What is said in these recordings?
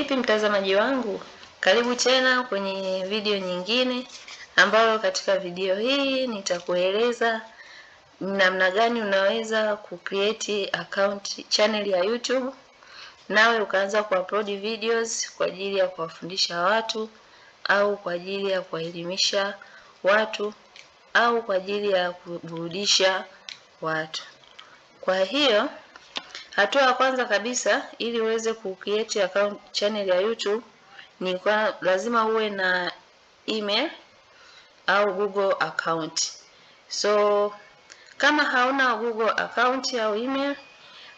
Vipi mtazamaji wangu, karibu tena kwenye video nyingine, ambayo katika video hii nitakueleza namna gani unaweza kucreate account channel ya YouTube nawe ukaanza kuupload videos kwa ajili ya kuwafundisha watu au kwa ajili ya kuwaelimisha watu au kwa ajili ya kuburudisha watu. Kwa hiyo Hatua ya kwanza kabisa ili uweze kucreate account channel ya YouTube ni kwa lazima uwe na email au Google account. So kama hauna Google account au email,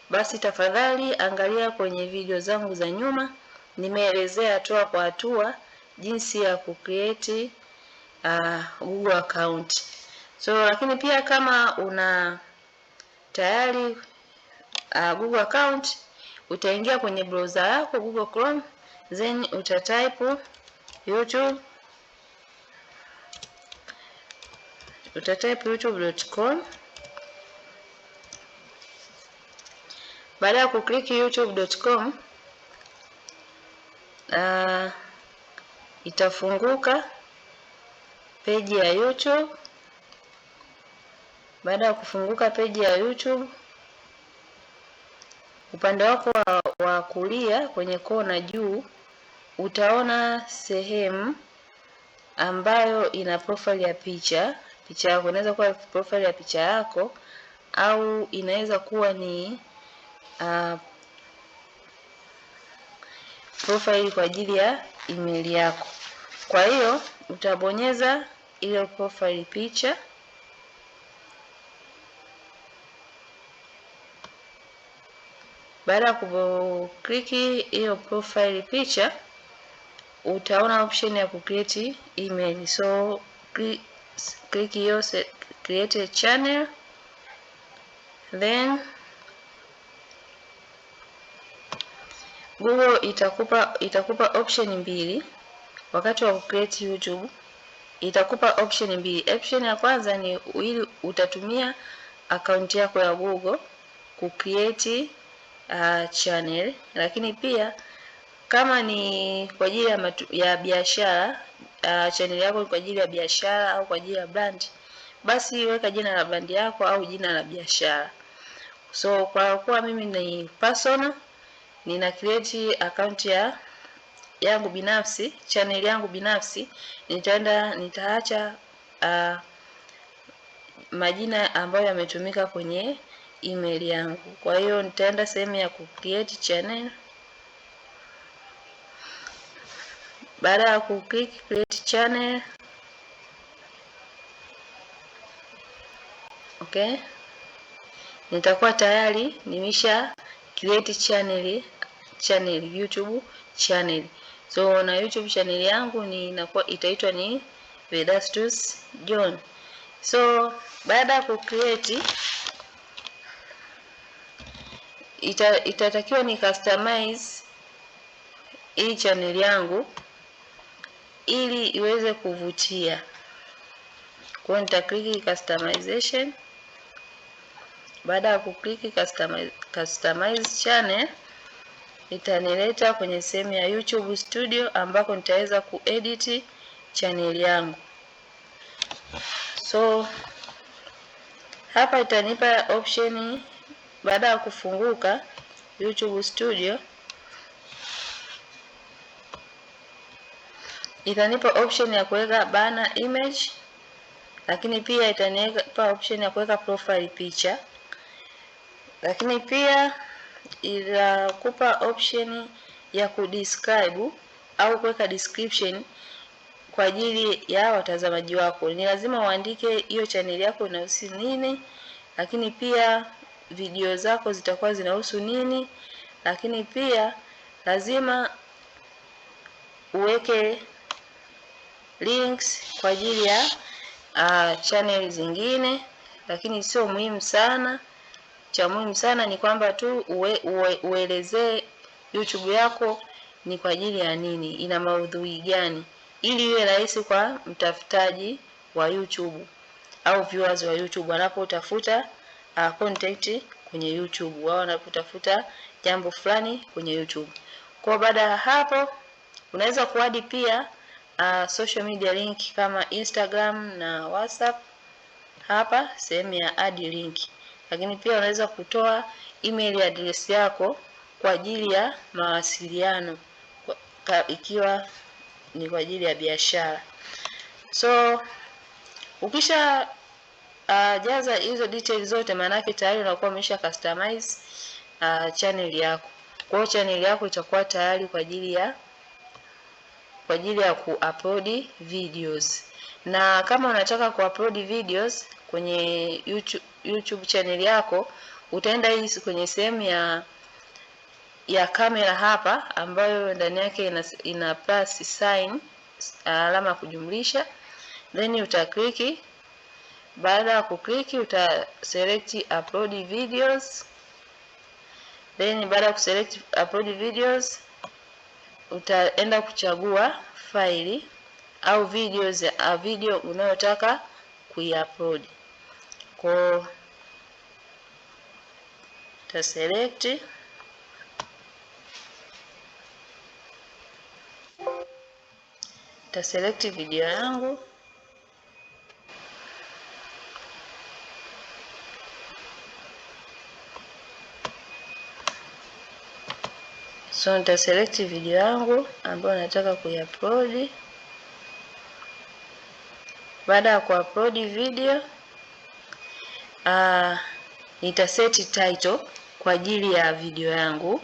basi tafadhali angalia kwenye video zangu za nyuma, nimeelezea hatua kwa hatua jinsi ya kucreate uh, Google account. So lakini pia kama una tayari uh, Google account, utaingia kwenye browser yako Google Chrome, then uta type YouTube uta type youtube.com. Baada ya kuklik youtube.com, uh, ah, itafunguka peji ya YouTube. Baada ya kufunguka peji ya YouTube Upande wako wa, wa kulia kwenye kona juu utaona sehemu ambayo ina profile ya picha picha yako. Inaweza kuwa profile ya picha yako au inaweza kuwa ni uh, profile kwa ajili ya email yako. Kwa hiyo utabonyeza ile profile picha Baada ya kukliki hiyo profile picture, utaona option ya kucreate email, so click hiyo create a channel then Google itakupa itakupa option mbili wakati wa kucreate YouTube, itakupa option mbili. Option ya kwanza ni ili utatumia akaunti yako ya Google kucreate uh, channel, lakini pia kama ni kwa ajili ya, ya biashara uh, channel yako kwa ajili ya biashara au kwa ajili ya brand, basi weka jina la brand yako au jina la biashara. So kwa kuwa mimi ni personal, nina create account ya yangu binafsi, channel yangu binafsi, nitaenda nitaacha uh, majina ambayo yametumika kwenye email yangu. Kwa hiyo nitaenda sehemu ya ku create channel. Baada ya ku click create channel, okay, nitakuwa tayari nimesha create channel channel YouTube channel. So na YouTube channel yangu ni inakuwa itaitwa ni Vedastus John. So baada ya ku create ita, itatakiwa ni customize hii channel yangu ili iweze kuvutia. Kwa nita nitakliki customization. Baada ya kukliki customize, customize channel itanileta kwenye sehemu ya YouTube Studio ambako nitaweza kuedit channel yangu. So hapa itanipa option baada ya kufunguka YouTube Studio itanipa option ya kuweka banner image, lakini pia itanipa option ya kuweka profile picha, lakini pia itakupa option ya kudescribe au kuweka description kwa ajili ya watazamaji wako. Ni lazima uandike hiyo chaneli yako inahusu nini, lakini pia video zako zitakuwa zinahusu nini, lakini pia lazima uweke links kwa ajili ya uh, channel zingine, lakini sio muhimu sana. Cha muhimu sana ni kwamba tu uwe, uwe, uelezee YouTube yako ni kwa ajili ya nini, ina maudhui gani, ili iwe rahisi kwa mtafutaji wa YouTube au viewers wa YouTube wanapotafuta uh, content kwenye YouTube, wao wanapotafuta jambo fulani kwenye YouTube. Kwa baada ya hapo, unaweza kuadi pia uh, social media link kama Instagram na WhatsApp hapa sehemu ya add link, lakini pia unaweza kutoa email address yako kwa ajili ya mawasiliano kwa, ikiwa ni kwa ajili ya biashara so ukisha uh, jaza hizo details zote, maanake tayari unakuwa umesha customize uh, channel yako. Kwa hiyo channel yako itakuwa tayari kwa ajili ya kwa ajili ya kuupload videos, na kama unataka kuupload videos kwenye YouTube, YouTube channel yako utaenda hii kwenye sehemu ya ya kamera hapa, ambayo ndani yake ina, ina plus sign alama ya kujumlisha, then utakliki baada ya kukliki uta select upload videos, then baada ya kuselect upload videos utaenda kuchagua faili au videos a video unayotaka kuiupload. Kwa uta select select video yangu. So select video yangu ambayo nataka kuiupload. Baada ya kuupload video uh, ah, nitaseti title kwa ajili ya video yangu,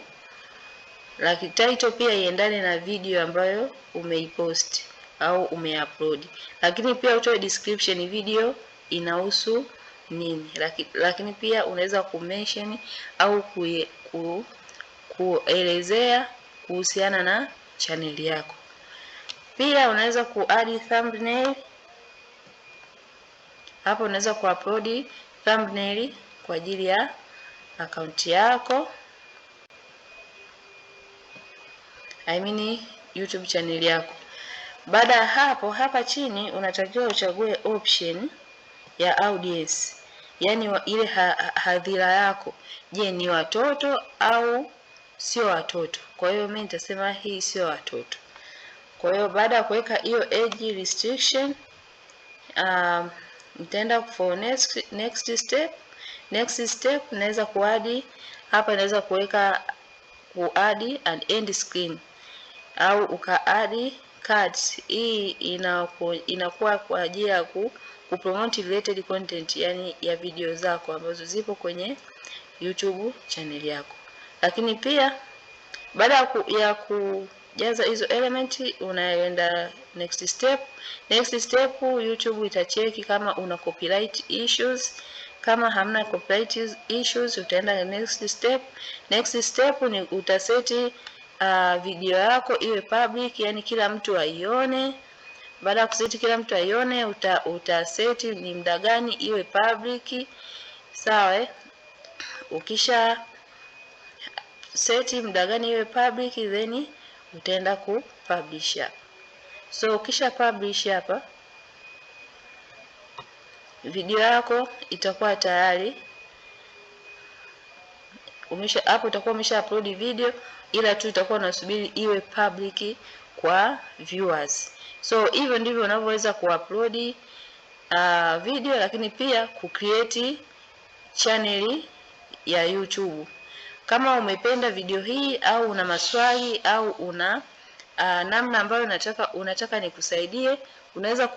lakini title pia iendane na video ambayo umeipost au umeupload, lakini pia utoe description video inahusu nini, lakini, lakini pia unaweza kumention au ku kuelezea kuhusiana na chaneli yako. Pia unaweza kuadi thumbnail hapo, unaweza kuupload thumbnail kwa ajili ya akaunti yako I mean YouTube channel yako. Baada ya hapo, hapa chini unatakiwa uchague option ya audience, yaani ile hadhira yako. Je, ni watoto au sio watoto. Kwa hiyo mimi nitasema hii sio watoto. Kwa hiyo baada ya kuweka hiyo age restriction um, nitaenda for next, next step. Next step naweza kuadi hapa, naweza kuweka kuadi an end screen au ukaadi cards. Hii inaku, inakuwa kwa ajili ya ku kupromote related content, yani ya video zako ambazo zipo kwenye YouTube channel yako. Lakini pia baada ya kujaza hizo element unaenda next step. Next step YouTube itacheki kama una copyright issues. Kama hamna copyright issues, utaenda next step. Next step ni utaseti uh, video yako iwe public, yani kila mtu aione. Baada ya kuseti kila mtu aione, uta, utaseti ni muda gani iwe public, sawa eh? Ukisha seti muda gani iwe public, then utaenda ku publish hapa. So ukisha publish hapa, video yako itakuwa tayari umesha hapo, utakuwa umesha upload video, ila tu utakuwa unasubiri iwe public kwa viewers. So hivyo ndivyo unavyoweza kuupload uh, video, lakini pia kucreate chaneli ya YouTube. Kama umependa video hii au una maswali au una uh, namna ambayo unataka, unataka nikusaidie, unaweza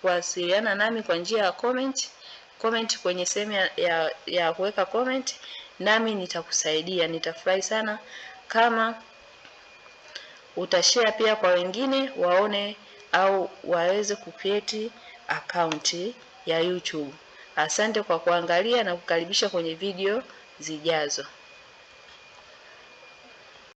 kuwasiliana nami kwa njia ya comment comment kwenye sehemu ya, ya, ya kuweka comment, nami nitakusaidia. Nitafurahi sana kama utashare pia kwa wengine waone au waweze kucreate akaunti ya YouTube. Asante kwa kuangalia na kukaribisha kwenye video zijazo.